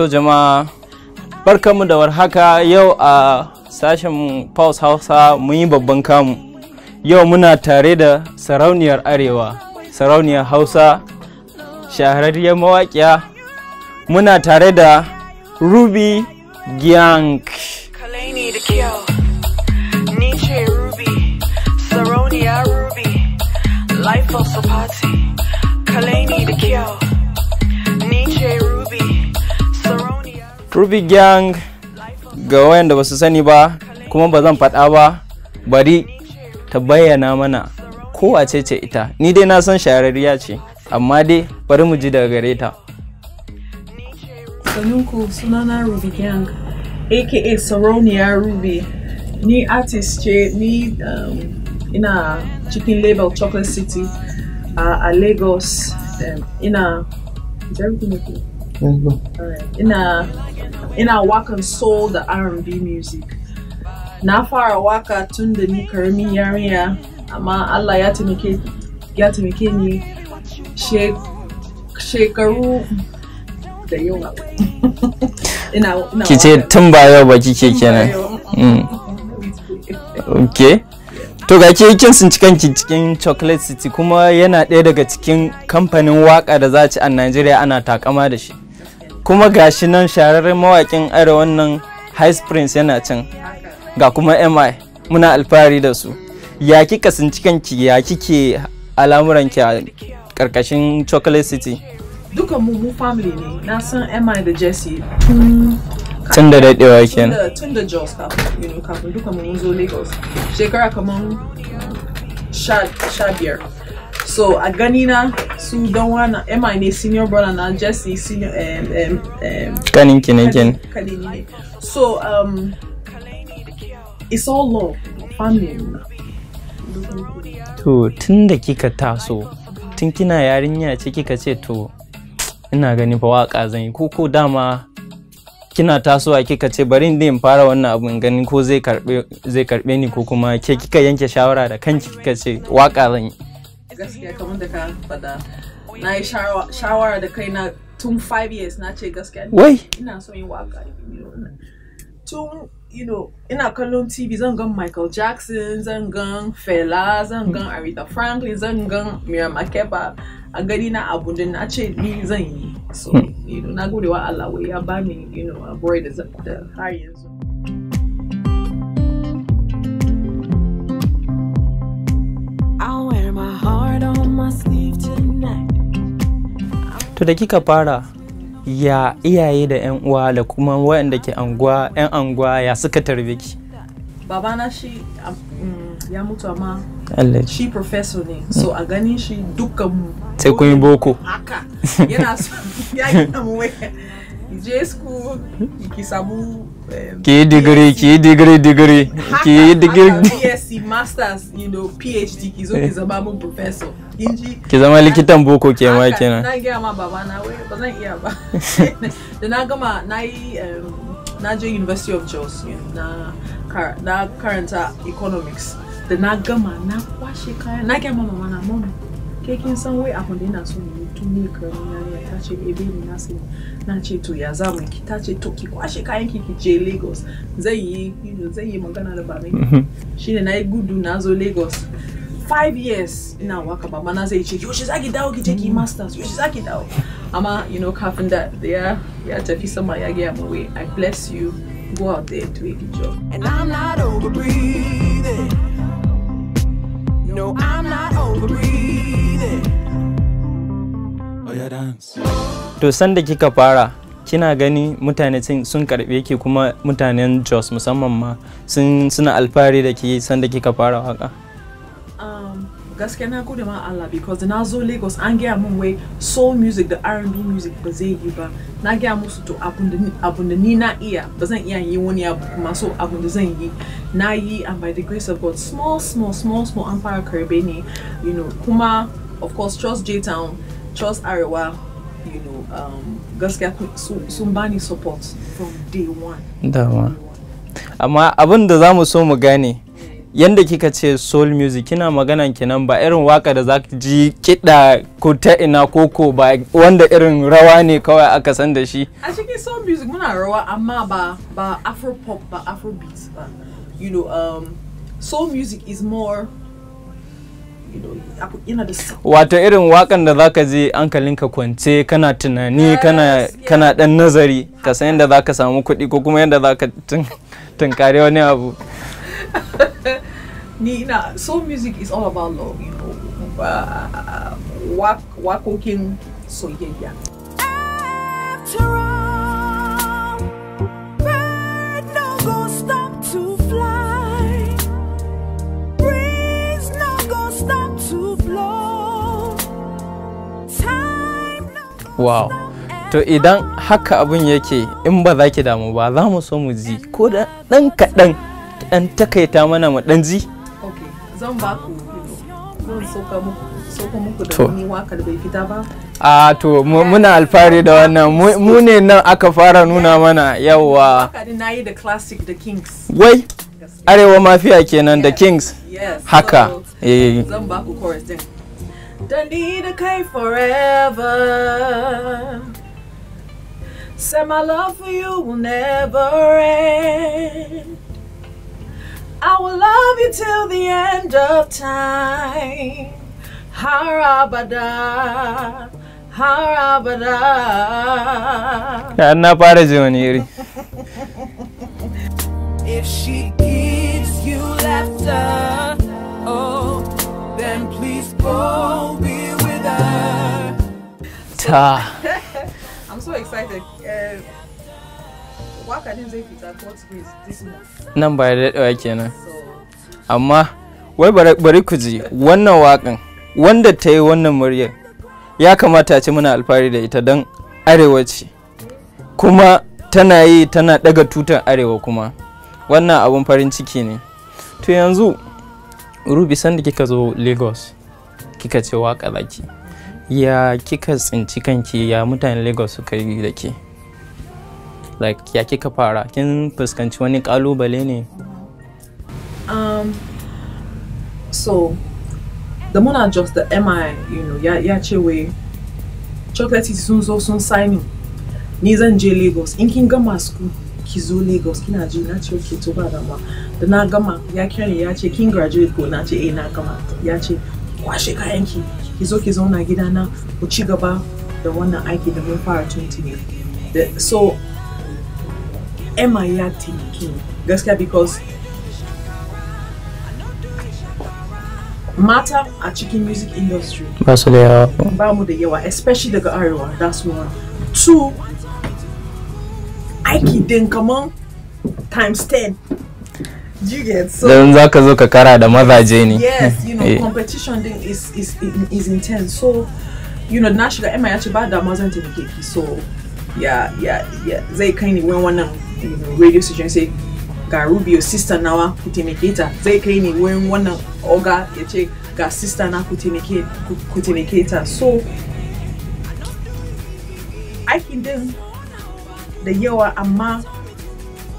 To jama'a barkanmu da warhaka yau a sashen Paus Hausa mun yi babban kamu. Yau muna tare da sarauniyar Arewa, sarauniyar Hausa, shahararriyar mawaƙiya. Muna tare da Ruby giang. Ruby Gang ga wayanda ba su sani ba kuma ba zan faɗa ba bari ta bayyana mana kowace ce ita ni dai na san shahararriya ce amma dai bari mu ji daga gare ta. Sanunku sunana Ruby Gang aka saronia Ruby ni artist ce ni um, ina cikin label Chocolate City a Lagos um, ina ina ina wakan soul da R&B music na fara waka tun da ni karamin yarinya amma Allah ya taimake ya ni shekaru da yawa ina ina kice tun ba yau ba kike kenan mm. okay to ga ke kin sun cikan cikin chocolate city kuma yana ɗaya daga cikin kamfanin waka da za ci a Najeriya ana takama da shi kuma gashi nan shararren mawaƙin ara wannan High springs yana can ga kuma MI muna alfahari da su ya kika sun kanki ya kike al'amuranki a karkashin Chocolate City dukan mu mu family ne na san MI da Jesse tun tun da ke nan. tun da Jos kafin dukan mu mun zo Lagos shekara kamar sha biyar so a ganina su don wana emma ne senior brother na jesse senior um, um, um, kanin kinikin kanin so um, it's all love family to tun da kika taso tun kina yarinya ce kika ce to ina gani fa waka zan yi ko dama kina tasowa kika ce bari in in fara wannan abin ganin ko zai karbe ni ko kuma ke kika yanke shawara da kanki kika ce waka zan yi gaskiya kamar da ka na yi shawara da tun 5 years na ce gaskiya ina yin waka tun you know ina kallon tv zan gan michael jackson zan gan fela zan gan franklin zan gan a gani na da na ce ni zan yi so hmm. you know na gode wa allah wai ya you know a boy da har yanzu I wear my heart to da kika fara ya iyaye da 'yan uwa da kuma waɗanda ke anguwa 'yan anguwa ya suka tarbe ki babana shi mm, ya mutu amma shi professor ne so a ganin shi dukkan mu sai kun yi boko haka yana so ya yi je school ki samu ki yi digiri ki yi digiri digiri ki yi digiri BSc masters you know PhD ki zo eh. ki zama mun professor ki zama likitan boko ke ma kenan na gaya ma baba na wai ba zan iya ba da na gama na yi na je University of Jos na karanta uh, economics da na gama na kwashe kaya na gaya ma mama na mama ke kin san wai abin da yana so ne tun ne karamin yarinya ta ce ebe ni na sani na ce to ya za mu ki ta ce to ki kwashe kayan ki ki je Lagos zai yi zai yi magana da baban shine na yi gudu na zo Lagos five years ina waka baba na zai ce yaushe zaki dawo ki je mm. ki masters yaushe zaki dawo amma you know kafin da ya ya tafi sama ya gaya mu wai I bless you go out there do a good job and I'm not over breathing to sanda kika fara kina gani mutane sun karbe ki kuma mutanen jos musamman ma suna alfahari da ke sanda kika fara waka um, gaskiya na gode ma Allah because na zo Lagos an gaya mun wai soul music da R&B music ba zai yi ba na gaya musu to abun da ni na iya ba zan iya yi wani abu kuma so abun da zan yi na yi and by the grace of God small small small small an fara karbe ni you know kuma of course trust J Town trust Arewa you know um, gaskiya sun bani support from day one dama amma abin da za mu so mu gane yadda kika ce soul music kina magana kenan ba irin waka da za ji kiɗa ko ta ina koko ba wanda irin rawa ne kawai aka san da shi a cikin soul music muna rawa amma ba ba afro pop ba afro beats ba you know um, soul music is more wata irin wakan da zaka je hankalinka kwance kana tunani ah, kana kana dan nazari ka san yadda zaka samu kuɗi ko kuma yadda zaka tunkare wani abu ni ina so music is all about love you know ah, wakokin soyayya wow to idan haka abun yake in ba za ki damu ba za mu so mu ji ko da ɗan kaɗan ɗan takaita mana mu ɗan ji zan ba ku a to muna alfahari da wannan mu ne nan aka fara nuna mana yawa wai arewa mafiya kenan da kings haka eh. zan ba ku chorus din Danita K forever. Said my love for you will never end. I will love you till the end of time. Harabada, harabada. Canna pare Junior. If she gives you laughter. won't be Ta. I'm so excited. Uh, Nan ba da kenan. Amma wai bari ku ji wannan wakan wanda ta yi wannan muryar ya kamata a ce muna alfahari da ita don ce kuma tana yi tana ɗaga tutar arewa kuma wannan abun farin ciki ne to yanzu rubi sanda kika zo lagos kika ce waka zaki ya kika tsinci kanki ya mutanen lagos suka yi da ke like ya kika fara kin fuskanci wani kalubale ne um so the muna just the mi you know ya, ya ce wai chocolate sun zo sun sign ni zan je lagos in kin gama school ki zo lagos kina ji na ce ke to ba da ma da na gama ya kira ya ce kin graduate ko na ce eh na gama ya ce kwashe kayanki ki zo ki zauna gida na ku ci gaba da wannan aiki da mun fara tuni so emma ya taimaki gaskiya because mata a cikin music industry ba ba mu da yawa especially daga arewa that's one two aiki din kaman times 10 you get so don zaka zo ka kara da mazaje ne yes you know yeah. competition thing is is is intense so you know na shiga Emma ya ce ba da ma zan taimake ki so ya ya ya zai kaini ni wurin wannan radio station say ga Rubio sister nawa ku zai kaini ni wurin wannan oga ya ga sister na ku taimake ku taimake ta so aikin din da yawa amma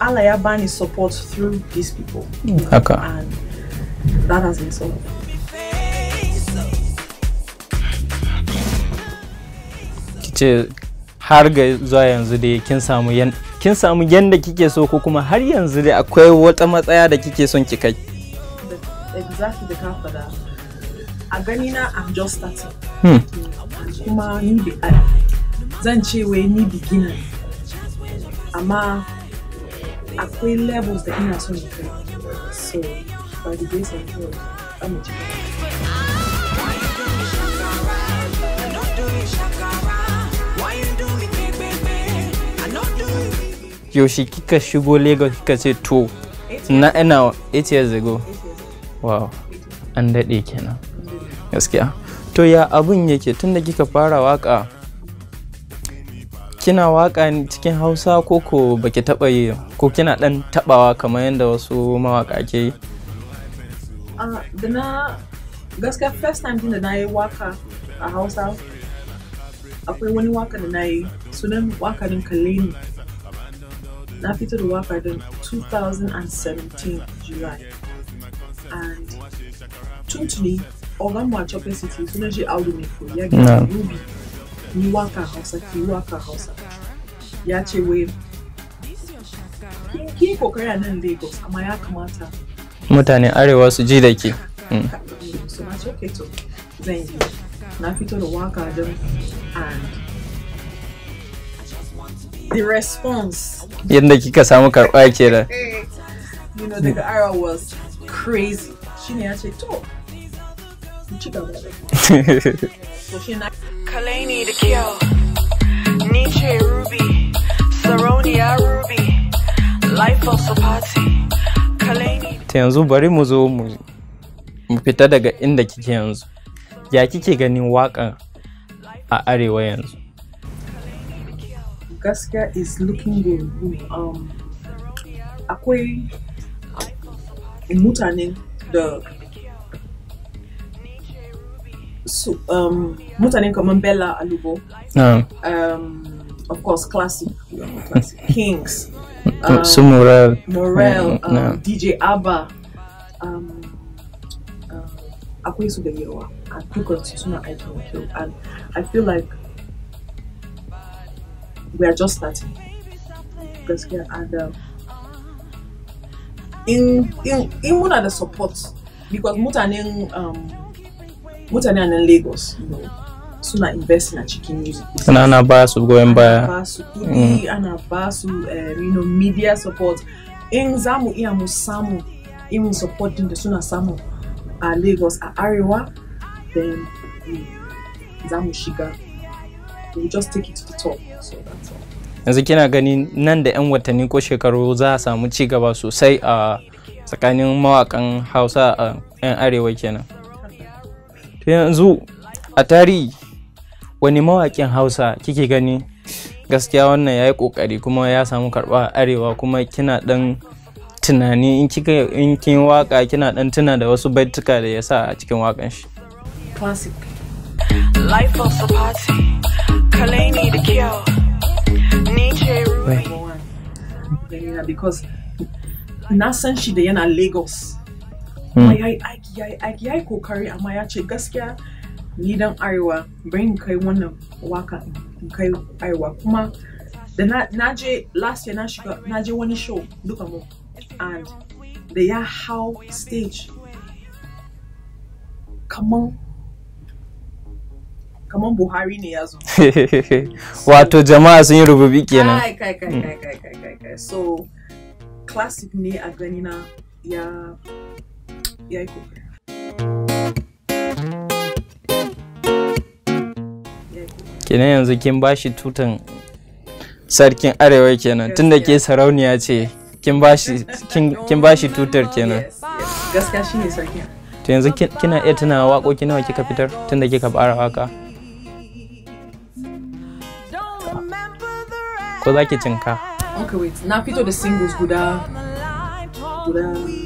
Allah Yaban is support through these people. Haka. Mm, And that has been so. ce har ga zuwa yanzu dai kin samu yan kin samu yanda kike so ko kuma har yanzu dai akwai wata matsaya da kike son ki kai. Exactly the kind for that. A gani na I'm just starting. Hmm. Kuma ni zan ce wai ni beginner. Amma akwai levels da ina son kai so by the grace of God I'm a Yaushe kika shigo Lagos kika ce to na ina 8 years ago. Wow, an daɗe kenan. Gaskiya. To ya abun yake tunda kika fara waka kina waka cikin hausa ko ko baki taba yi ko kina dan tabawa kamar yadda wasu mawaka ke yi ah, da na gaskiya first time din da na yi waka a hausa akwai wani waka da na yi sunan waka din kalle ni na fito da waka din 2017 july and tuntuni ogan mu a chocolate city sunan shi audu mai ya gina ruby ni waka hausa ki waka hausa ya ce wai ki kokari a nan lagos amma ya kamata mutane arewa su ji da ke su ma ce okay to zan yi na fito da waka don and the response yadda kika samu karɓa ke da you know daga arewa was crazy shine ya ce to ci gaba da Kalani the Kill, Nietzsche Ruby, Saronia Ruby, Life of Sapati, Kalani. Ta yanzu bari mu zo mu fita daga inda kike yanzu. Ya kike ganin waƙan a arewa yanzu? Gaskiya is looking good. Um, akwai mutanen da su, um, mutane kamar Bella Alubo. Ah. Um, of course, classic, classic Kings. Um, Sue Morel. Morel, um, no. Mm, um, DJ Abba. Um, akwai su da yawa a and I feel like we are just starting gaskiya and um, in in in muna the support because mutanen um, mutane a nan lagos suna investing a cikin music ana ana ba su goyon baya ba su kudi mm. e, ana ba su eh, media support in za mu iya mu samu in support din da suna samu a lagos a arewa then mm, za mu shiga we just take it to the top so that's all yanzu kina gani nan da 'yan watanni ko shekaru za a samu ci gaba sosai a tsakanin mawakan hausa a 'yan arewa kenan to yanzu a tarihi wani mawakin hausa kike gani gaskiya wannan ya yi ƙoƙari kuma ya samu karba arewa kuma kina dan tunani in kin waka kina dan tuna da wasu baituka da ya sa a cikin wakan shi because na san shi da yana lagos kuma mm. ya yi aiki ya yi aiki ya yi kokari amma ya ce gaskiya ni dan arewa bari kai wannan waka kai arewa kuma da na je last year na shiga na je wani show duka mu and da ya hau stage kaman kaman buhari ne ya zo wato jama'a sun yi rububi kenan kai kai kai kai kai kai so classic ne a ganina ya E, e aí, Cooper? kenan yanzu kin bashi tutan sarkin arewa kenan tunda ke sarauniya ce kin bashi tutar kenan gaskiya sarkin to yanzu kina iya tuna waƙoƙi nawa kika fitar tunda kika fara waka ko za ki cinka na fito da singles guda guda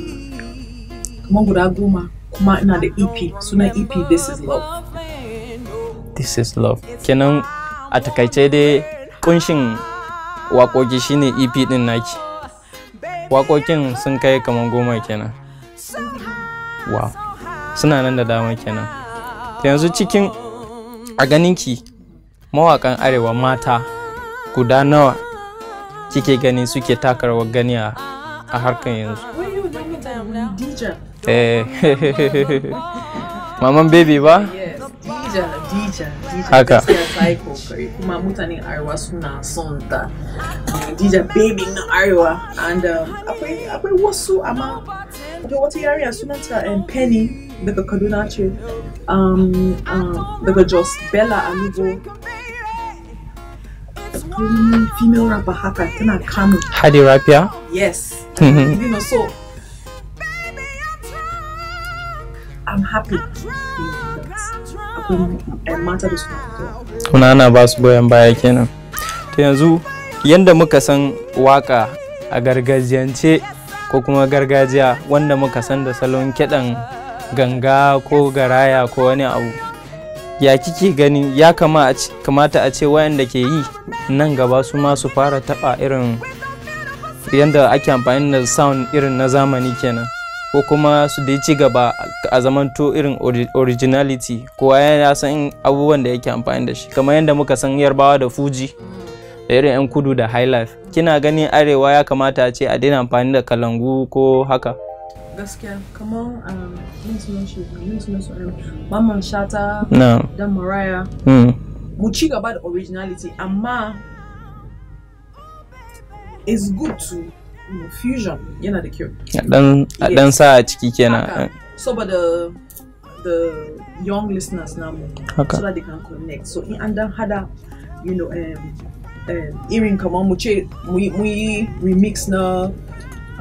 kamar guda goma kuma ina da EP suna EP This is Love. This is Love. Kenan a takaice dai kunshin waƙoƙi shine EP ɗin naki. Waƙoƙin sun kai kamar goma kenan. Wow. Suna nan da dama kenan. Yanzu cikin a ganinki mawaƙan arewa mata guda nawa kike gani suke takarwa gani a Harkins. Where you with them now? DJ. Eh. Maman baby ba? Yes. DJ, DJ, DJ. Haka. Sai kokari kuma mutanen Arewa suna son ta. Eh, DJ baby na Arewa and um, akwai akwai wasu amma da wata yariya sunanta um, Penny daga Kaduna ce um, uh, daga Jos Bella Alugo female rapper haka tana Kano. Hadi Rapia? Yes. you know, so I'm happy. Kuna ana ba su goyon baya kenan. Ta yanzu yadda muka san waka a gargajiyance ko kuma gargajiya wanda muka san da salon kiɗan ganga ko garaya ko wani abu. Ya kike gani ya kamata a ce wayanda ke yi nan gaba su ma su fara taɓa irin yadda ake amfani da sound irin na zamani kenan ko kuma su dai ci gaba a zamanto irin originality kowa ya san abubuwan da yake amfani da shi kamar yadda muka san yarbawa da fuji da irin 'yan kudu da high life kina gani arewa ya kamata a ce a daina amfani da kalangu ko haka gaskiya kamar um, mamman shata da maraya hmm. mu ci gaba da originality amma is good to you know, fusion cure. Yeah, then a dan sa a ciki the young listeners now okay. so that they can connect so in under how hada you know um, um, irin kamar we we mu yi remix na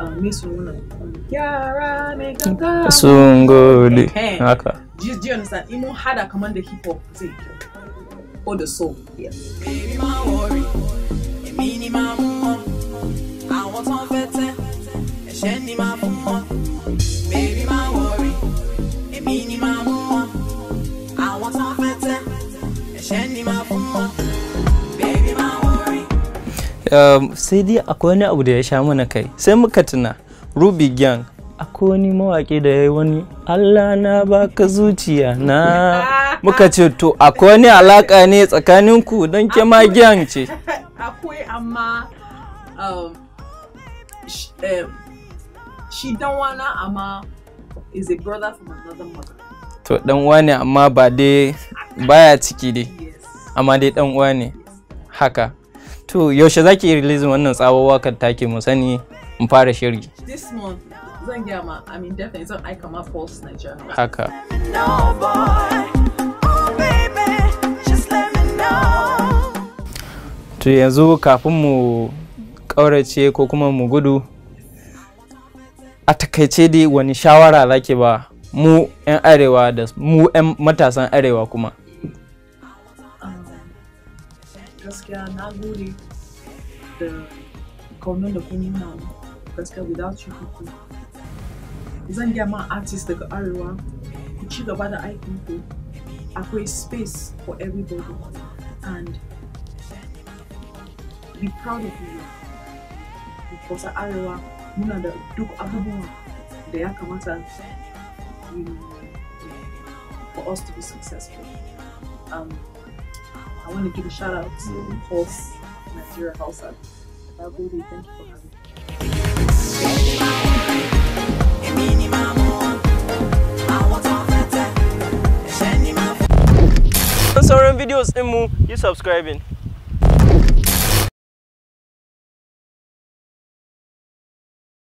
uh, me suna yara mai ganga sungoli eh, eh. do you understand in mun how kamar da hip hop zai the soul Yeah. Um, sai dai akwai wani abu da ya sha mana kai, sai muka tuna Ruby Gang akwai wani mawaƙi da ya yi wani Allah na baka zuciya na muka ce to akwai wani alaƙa ne tsakaninku don ke ma ce akwai amma um, um, shi dan wana amma is a brother from another mother to dan wane amma ba dai baya ciki dai amma dai dan uwa haka to yaushe zaki release wannan tsawon wakar take mu sani mu fara shiri this month zan gaya ma i mean definitely zan aika ma false nigeria haka to yanzu kafin mu ƙaurace ko kuma mu gudu a takaice dai wani shawara zake ba mu 'yan arewa da mu 'yan matasan arewa kuma gaskiya na gode da kaunar da kun nuna gaskiya without you zan gaya ma artist daga arewa ku ci gaba da aikin ku akwai space for everybody and be proud of you because arewa muna da duk abubuwa da ya kamata for us to be successful. Um, I want to give a shout out to Pulse mm. Nigeria House Thank you for having me. sauran videos ɗinmu you subscribing